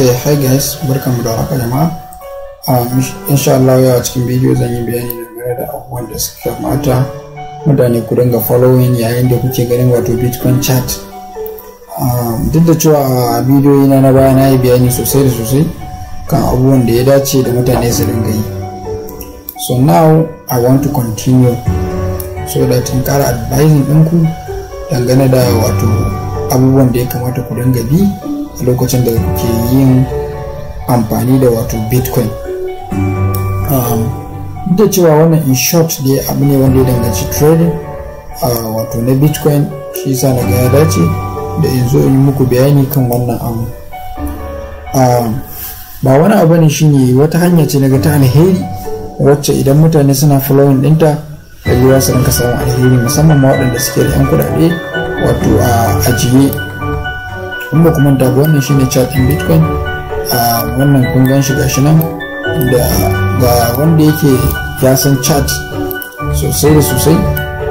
Hey, hi guys, barkanmu da haka jama'a. Ah, insha Allah yau a cikin bidiyo zan yi bayani game da abubuwan da suka kamata mutane ku dinga following yayin da kuke ganin wato Bitcoin chat Um, ah, duk da cewa a bidiyoyi na na baya na yi bayani sosai da sosai kan abubuwan da ya dace da mutane su dinga yi. So now I want to continue so that in kara advising ɗinku dangane da wato abubuwan da ya kamata ku dinga bi lokacin da ke yin amfani da wato bitcoin um, duk da cewa wannan in short dai abu ne wanda ya danganci trading wato na bitcoin shi sa na ga ya dace da in zo in muku bayani kan wannan abu um, ba wani abu ne shi ne wata hanya ce daga ta alheri wacce idan mutane suna following dinta da za su rinka samun alheri musamman ma waɗanda suke da 'yan kuɗaɗe wato a ajiye Kuma ba kuma da wannan shine chatin bitcoin a wannan kun gan shi gashi nan da ga wanda yake ya san chat sosai da sosai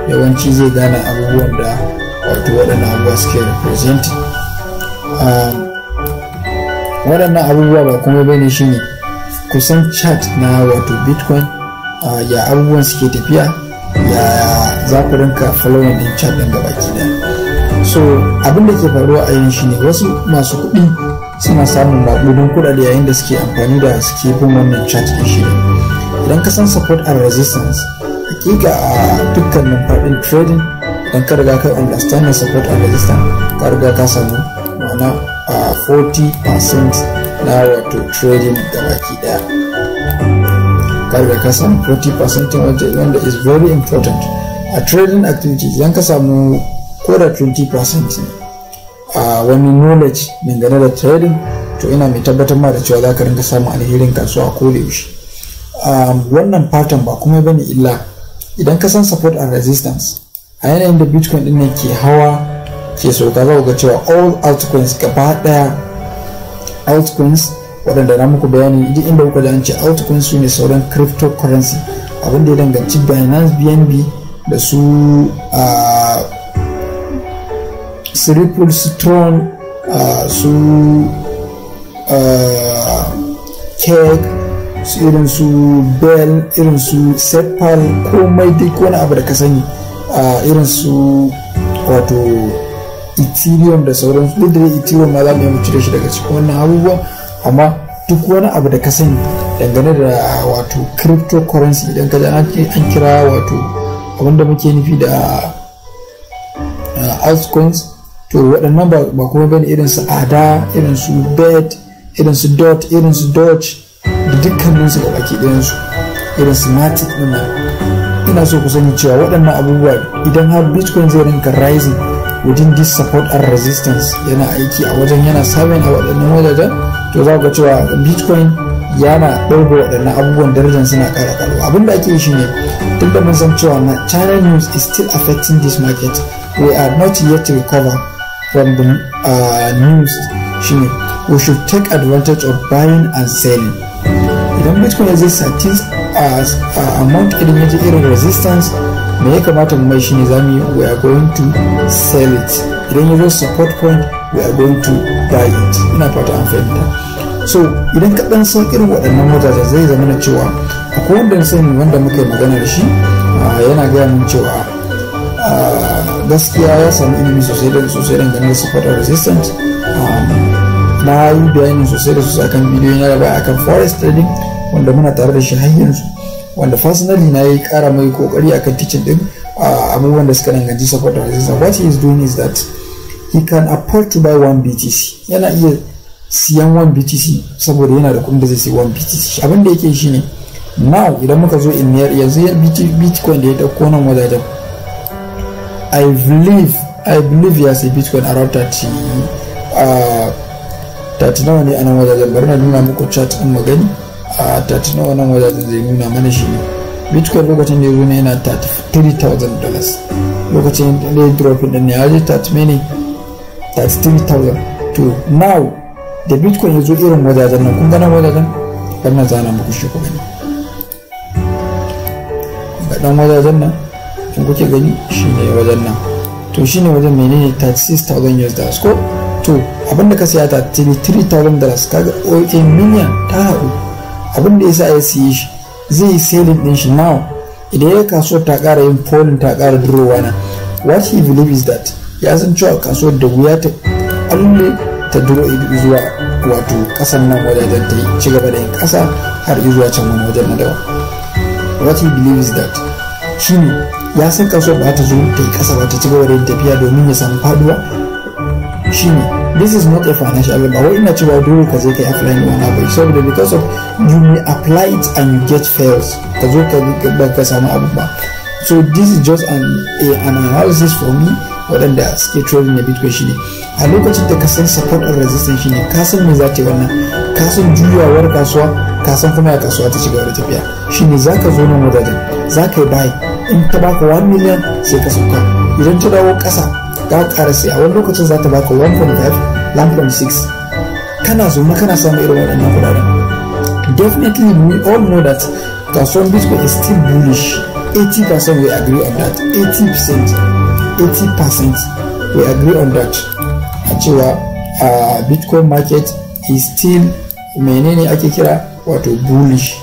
yawanci zai gane abubuwan da wato waɗannan abubuwa suke representing waɗannan abubuwa ba kuma bane shine kusan chat na wato bitcoin ya abubuwan suke tafiya ya za ku rinka following din chat ɗin gaba da. so abin da ke faruwa a yin shi ne wasu masu kuɗi suna samun maɓudin kuɗaɗe yayin da suke amfani da suke bin wannan chat ɗin shi idan ka san support and resistance hakika a dukkanin faɗin trading don ka riga kai understanding support and resistance ka riga ka samu ma'ana a 40% na wato trading da baki ɗaya ka riga ka samu 40% wanda is very important a trading activity idan ka samu ko da 20% a wani knowledge dangane da trading to ina mai tabbatar ma da cewa za ka rinka samun alherin kasuwa ko da yaushe wannan fatan ba kuma bane illa idan ka san support and resistance a yanayin da bitcoin din ne ke hawa ke sauka za ga cewa all altcoins gaba daya altcoins waɗanda na muku bayani duk inda kuka da an ce altcoins su ne sauran cryptocurrency abin ya danganci binance bnb da su su strong strong su uh, uh, keg su irin su bell irin su sepal komai duk wani abu da ka sani uh, irin su wato ethereum da sauran duk da ethereum ma za mu yi mutu da shi daga cikin wannan abubuwan amma duk wani abu da ka sani dangane da wato cryptocurrency idan ka an kira wato abinda muke nufi da altcoins to waɗannan ba kuma bane irin su ada irin su bed irin su dot irin su dodge da dukkanin su da baki ɗayan su irin su matic ɗin ina so ku sani cewa waɗannan abubuwa idan har bitcoin zai rinka rising within this support and resistance yana aiki a wajen yana samun a waɗannan wajajen to za ku cewa bitcoin yana ɗauke waɗannan abubuwan darajar suna ƙara ƙaruwa abin da ake yi shine duk da mun san cewa na china news is still affecting this market we are not yet to recover from the uh, news shine we should take advantage of buying and selling idan bitcoin zai sati a as uh, a amount eliminated irin resistance me ya kamata mu mai shine zamu we are going to sell it idan yi zai support point we are going to buy it ina fata an fahimta so idan ka dan san irin waɗannan wajajen zai zama na cewa akwai wanda sani wanda muka yi magana da shi uh, yana gaya min cewa gaskiya ya sami ilimi sosai da sosai ganin da supporter resistance um, na yi bayani sosai da sosai akan bidiyo ya ba akan forest trading wanda muna tare da shi har yanzu wanda personally na yi kara mai kokari akan teaching din uh, abubuwan da suka danganci supporter resistance what he is doing is that he can afford to buy one btc yana iya siyan one btc saboda yana da kudin da zai siyan one btc abin da yake shine now idan muka zo in yanzu bitcoin da ya dauko nan wajajen I believe I believe ya a Bitcoin around 30 uh, 30 nawa ne ana nan wajajen bari na nuna muku chat din magani uh, a 30 nawa nan wajajen zai nuna mana shi bitcoin lokacin da ya zo ne yana 33,000 dollars lokacin da ya drop din ne ya je 33,000 to now da bitcoin ya zo irin wajajen nan kun gana wajajen wannan zana muku shi ku gani ga dan wajajen nan kun kuke gani shine wajen nan to shine wajen menene 36000 US dollars ko to abinda ka saya 33000 dollars kaga ok minya ta haɗu abinda yasa ya siye shi zai selling din shi now idan ya kaso ta kara yin polin ta kara durowa na what he believe is that ya san cewa kaso da wuya ta alle ta duro zuwa wato kasan nan da ta ci gaba da yin kasa har zuwa can wani wajen na daban what he is that shine ya san kasuwar ba ta zo ta yi kasa ba ta ci gaba da tafiya domin ya samu faduwa shine this is not a financial ba wai ina cewa dole ka je ka yi applying wani abu saboda because of you may apply it and you get fails ka zo ka ka samu abu ba so this is just an, a, an analysis for me waɗanda suke trading na bitcoin shine a lokacin da ka san support and resistance shine ka san me za ta yi wannan ka san juyawar kasuwa ka san kuma ya kasuwa ta ci gaba da tafiya shine za ka zo nan wajajen za ka yi bayan in ta baka 1 million sai ka sauka idan ta dawo kasa ta kara sai a wani lokacin za ta baka 1.5 1.6 kana zuma kana samun irin waɗannan kuɗaɗen definitely we all know that kasuwan bitcoin is still bullish 80% we agree on that 80% 80% we agree on that a cewa uh, bitcoin market is still menene ake kira wato bullish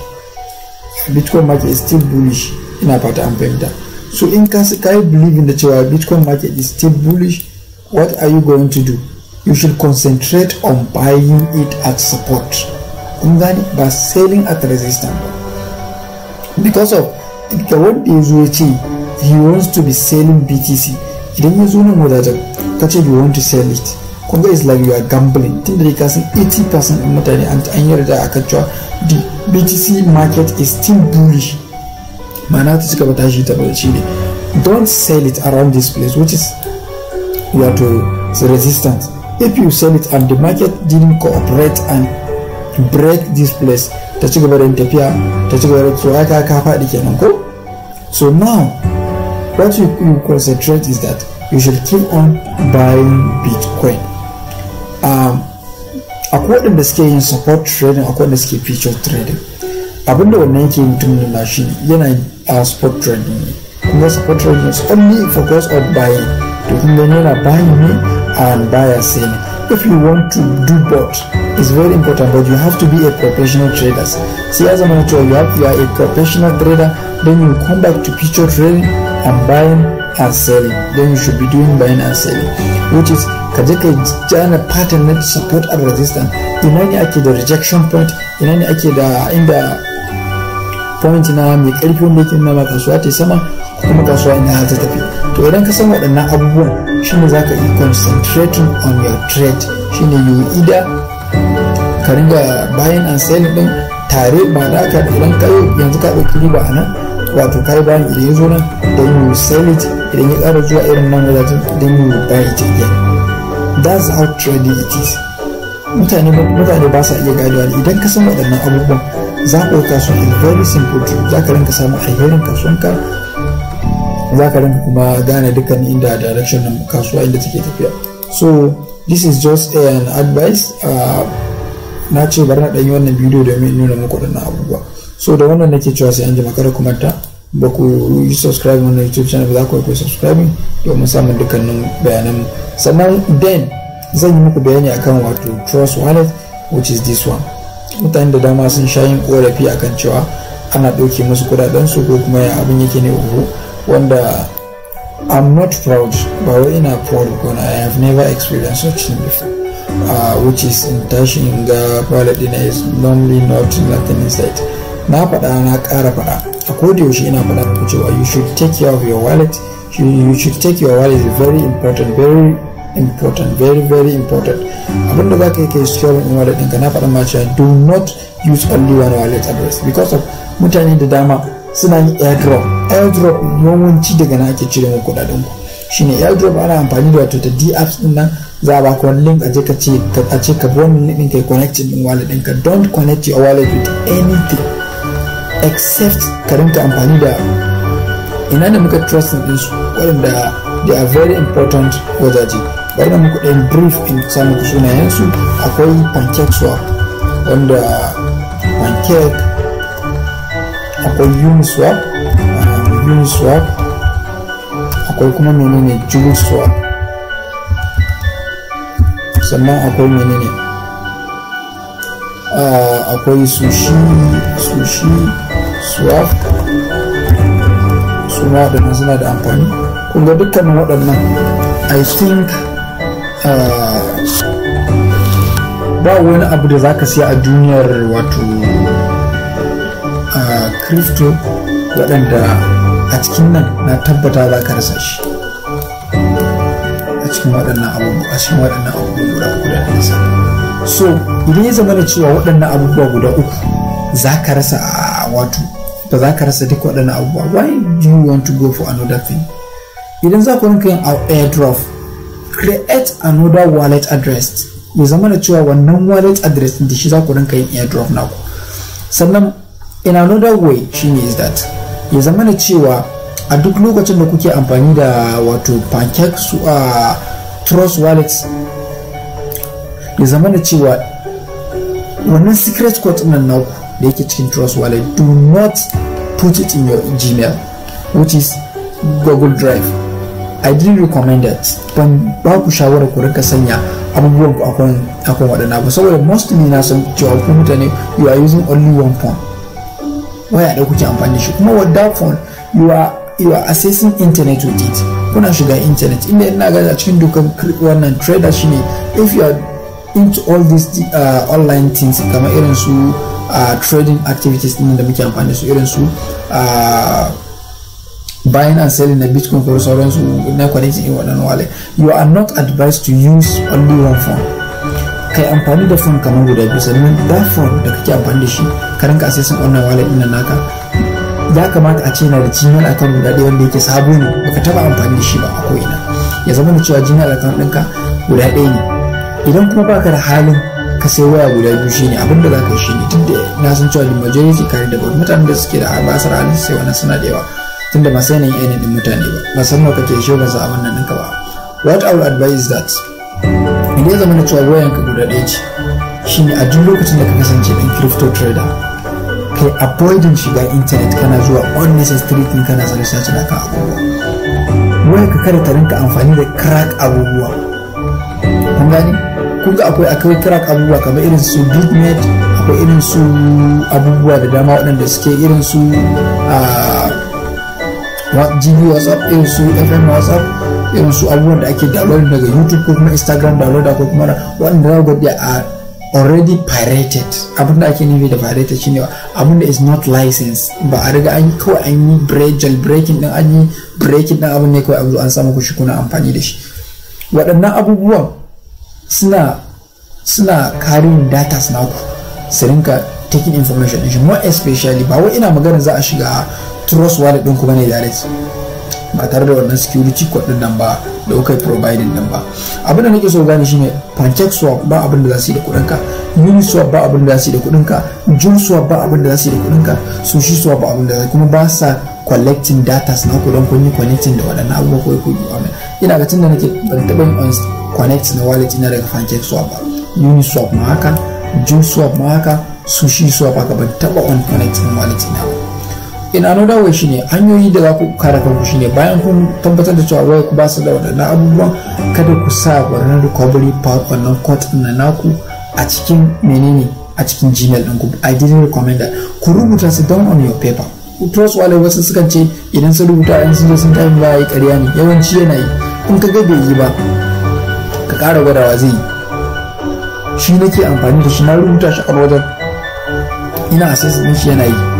bitcoin market is still bullish ina fata an fahimta so in ka yi in da cewa bitcoin market is still bullish what are you going to do you should concentrate on buying it at support kun gani ba selling at resistance ba because of the one day zuwa ya ce he wants to be selling btc idan ya zo nan wajajen ka ce you want to sell it kun is like you are gambling tun da dai kasan 80% mutane an yarda a kan cewa the btc market is still bullish ma'ana ta ci gaba tashi ta barci ne don't sell it around this place which is wato resistance if you sell it and the market didn't cooperate and break this place ta ci gaba da tafiya ta ci gaba da so aka ka faɗi kenan ko so now what you, you concentrate is that you should keep on buying bitcoin um, akwai waɗanda suke yin support trading akwai waɗanda suke feature trading abin da wannan yake mutum nuna shi yana a spot trading ne kuma spot trading is only focus on buying to kuma yana buying ne and buyer sale if you want to do both it's very important but you have to be a professional trader sai ya zama cewa you have you are a professional trader then you come back to picture trading and buying and selling then you should be doing buying and selling which is ka je ka jana pattern na support and resistance ina ne ake da rejection point ina ne ake da inda point na mai karfi wanda yake nuna ba kasuwa ta sama kuma kasuwa ina ta tafi to idan ka san waɗannan abubuwan shine zaka yi concentrating on your trade shine yi ida ka ringa bayan an selling din tare ba da ka idan ka yanzu ka ɗauki riba a nan wato kai bayan idan ya zo nan don you sayar it idan ya ƙara zuwa irin nan wajen don you buy it again that's how trading it is mutane ba sa iya ganewa idan ka san waɗannan abubuwan zaɓo in very simple za ka rinka samun alherin kasuwanka za ka rinka kuma gane dukkan inda direction na kasuwa inda take tafiya so this is just an advice ah, na ce bari na ɗanyi wannan bidiyo domin nuna muku na abubuwa so da wannan nake cewa sai an jima kada kuma ta ba ku yi subscribe wannan youtube channel za ku yi subscribe domin samun dukkanin bayanan sannan den zan yi muku bayani akan wato trust wallet which is this one mutane da dama sun sha yin korafi kan cewa ana ɗauke musu kudadensu ko kuma ya abin yake ne uku wanda I'm not proud ba wai ina proud ko na I have never experienced such thing before ah, which is in tashin ga wallet na is normally not nothing inside na faɗa na ƙara faɗa a yaushe ina faɗa ku cewa you should take care of your wallet you should take your wallet is very important very important very very important abinda za ka yi ka yi securing in wallet ɗinka na faɗa cewa do not use only one wallet address because of mutane da dama suna yin airdrop airdrop yawanci daga na ake cire mu kuɗaɗen ku shine airdrop ana amfani da wato da d apps ɗin nan za a baka wani link a je ka ce a ce ka wani link kai connecting ɗin wallet ɗinka don't connect your wallet with anything except ka rinka amfani da ina da muka trust in su waɗanda they are very important wajaji. bari na muku ɗan brief in sa muku sunayensu akwai pancake swap wanda pancake akwai yun swap um, yun swap akwai kuma menene jewel swap sannan akwai menene uh, akwai sushi sushi swap suna da suna da amfani kuma dukkanin waɗannan i think Eh, ba wani abu da zaka siya a duniyar wato kristo eh, waɗanda a cikin nan na tabbata za ka rasa shi a cikin waɗannan abubuwa a cikin waɗannan abubuwa guda uku da nisa so idan ya zama da cewa waɗannan abubuwa guda uku za ka rasa a ah, wato ba za ka rasa duk waɗannan abubuwa why do you want to go for another thing idan za ku rinka yin airdrop create another wallet address ya zama da cewa wannan wallet address da shi za ku rinka yin airdrop naku sannan in another way shine is that ya zama da cewa a duk lokacin da kuke amfani da wato pancake su a trust wallet ya zama da cewa wannan secret code nan naku da yake cikin trust wallet do not put it in your gmail which is google drive I didn't recommend it ban ba ku shawarar ku rinka sanya abubuwan ku akwai akan waɗannan abu saboda mostly na san cewa ku mutane you are using only one phone waya da kuke amfani da shi kuma with that phone you are you are accessing internet with it kuna shiga internet inda ina ga cikin dukan wannan trader shine if you are into all these uh, online things kamar irin su uh, trading activities din da muke amfani da su irin su uh, buying and selling the bitcoin ko sauransu na kwanakin in waɗannan wallet you are not advised to use only one phone kai amfani da phone kamar guda biyu sannan that phone da kake amfani da shi ka rinka accessing wannan wallet ɗin naka ya kamata a ce na da gmail account guda ɗaya wanda yake sabo ne ka taba amfani da shi ba a ko'ina ya zama da cewa gmail account ɗinka guda ɗaya ne idan kuma baka da halin ka sai waya guda biyu shi shine abin da za zaka yi shine tunda na san cewa the majority kare da mutanen da suke da basar halin sai wani suna da yawa tunda ba sai na yi mutane ba ba san kake shogan za abin nan ɗinka ba what I advice advise that idan ya zama na cewa wayan ka guda ɗaya ce shine a duk lokacin da ka kasance ɗan crypto trader kai avoiding shiga internet kana zuwa unnecessary thing kana sa research da ka abubuwa wayan ka kada ta rinka amfani da crack abubuwa kun gani kun ga akwai akwai crack abubuwa kamar irin su bitnet akwai irin su abubuwa da dama waɗanda suke irin su ah, gb whatsapp irin su fm whatsapp irin su abubuwan da ake download daga youtube ko kuma instagram download ko kuma waɗanda za ku a already pirated abinda ake nufi da pirated shine abinda is not licensed ba a riga an yi kawai an yi break breaking din an yi breaking din abin ne kawai abu an samu kushi kuna amfani da shi waɗannan abubuwan suna suna karin data suna ku su rinka taking information din shi more especially ba wai ina magana za a shiga trust wallet kuma bane direct ba tare da wannan security code din nan ba da kuka yi providing din ba abin da nake so gane shine pancake swap ba abin da za su yi da kuɗin ka uniswap ba abin da za su yi da kuɗin ka junswap ba abin da za su yi da kuɗin ka sushi swap ba abin da za kuma ba sa collecting data na ku don kun yi connecting da waɗannan abubuwa ko ku yi wannan ina ga tun da nake ban taɓa yin connect na wallet ina daga pancake swap ba uniswap ma haka junswap ma haka sushi swap haka ban taɓa on connect na wallet ina ba in another way shine hanyoyi da za ku kare kanku shine bayan kun tabbatar da cewa wai ku ba su da waɗannan abubuwan kada ku sa wannan recovery part wannan court na naku a cikin menene a cikin gmail din ku i didn't recommend that ku rubuta su down on your paper trust wallet wasu sukan ce idan sun rubuta in sun zo sun tafi ba yi ƙarya ne yawanci yana yi in ka ga bai yi ba ka ƙara gwadawa zai yi shi nake amfani da shi na rubuta shi a wajen ina assess shi yana yi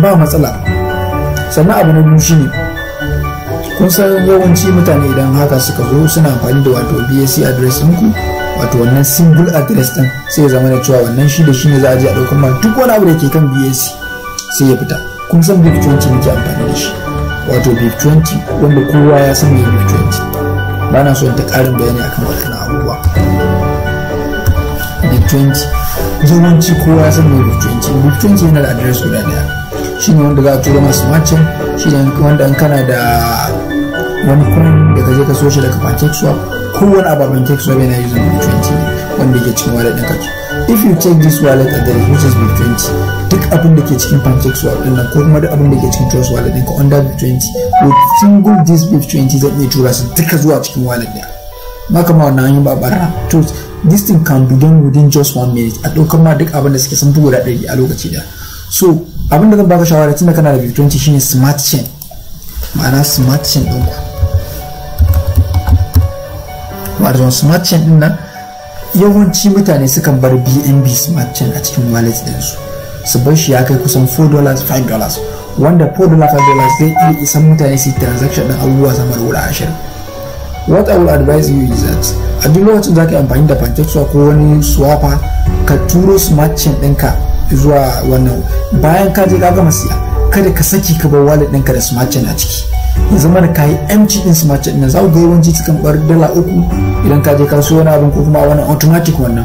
ba matsala sannan abu na biyu ne kun san yawanci mutane idan haka suka zo suna amfani da wato bsc address ɗinku wato wannan single address din sai zama da cewa wannan shi da shi ne za a je a ɗaukar mai duk wani abu da ke kan bsc sai ya fita kun san BIP 20 muke amfani da shi wato BIP 20 wanda kowa ya san mai BIP 20 ba na so ta ƙarin bayani akan wannan abubuwa BIP 20 yawanci kowa ya san mai BIP 20 BIP 20 yana da address guda ɗaya shine wanda za a tura masu macin? shine wanda in kana da wani kuɗin da ka je ka so shi daga pancake swap kowane ababen cake swap yana using b20 wanda ke cikin wallet ɗin kake if you check this wallet at the which is b20 duk abin da ke cikin pancake swap ɗin nan ko kuma duk abin da ke cikin trust wallet ɗin ka under be 20 with single this b20 zan iya tura su duka zuwa cikin wallet ɗin ba kama wannan hanyar ba bara to this thing can be done within just one minute a ɗaukar ma duk abin da suke sun fi guda ɗari a lokaci da so abinda zan baka shawara da kana da b20 shine smart chain ma'ana smart chain din ku wato smart chain din nan yawanci mutane sukan bar bnb smart chain a cikin wallet din su su bar shi ya kai kusan 4 dollars 5 dollars wanda 4 dollars 5 dollars zai iya isan mutane su yi transaction din abubuwa sama da ashirin what I will advise you is that a duk lokacin za ka yi amfani da pancake ko wani swapper ka turo smart chain ɗinka zuwa wannan bayan ka je ka gama siya kada ka saki ka bar wallet ɗinka da smart chain a ciki in zama da kayi mc din smart chain za ku ga yawanci cikin bar dala uku idan ka je ka siyo wani abin ko kuma wani automatic wannan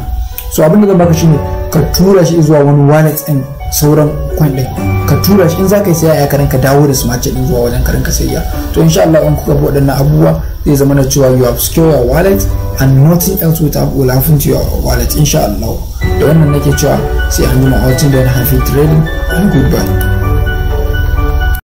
so abin da zan baka ne ka tura shi zuwa wani wallet ɗin sauran coin ɗin ka tura shi in za ka yi sayayya ka dawo da smart din zuwa wajen ka sayya sayayya to insha Allah in kuka bi waɗannan abubuwa zai zama na cewa you have secure your wallet and nothing else will have will happen to your wallet insha Allah da wannan nake cewa sai an yi a wajen da hafi trading and goodbye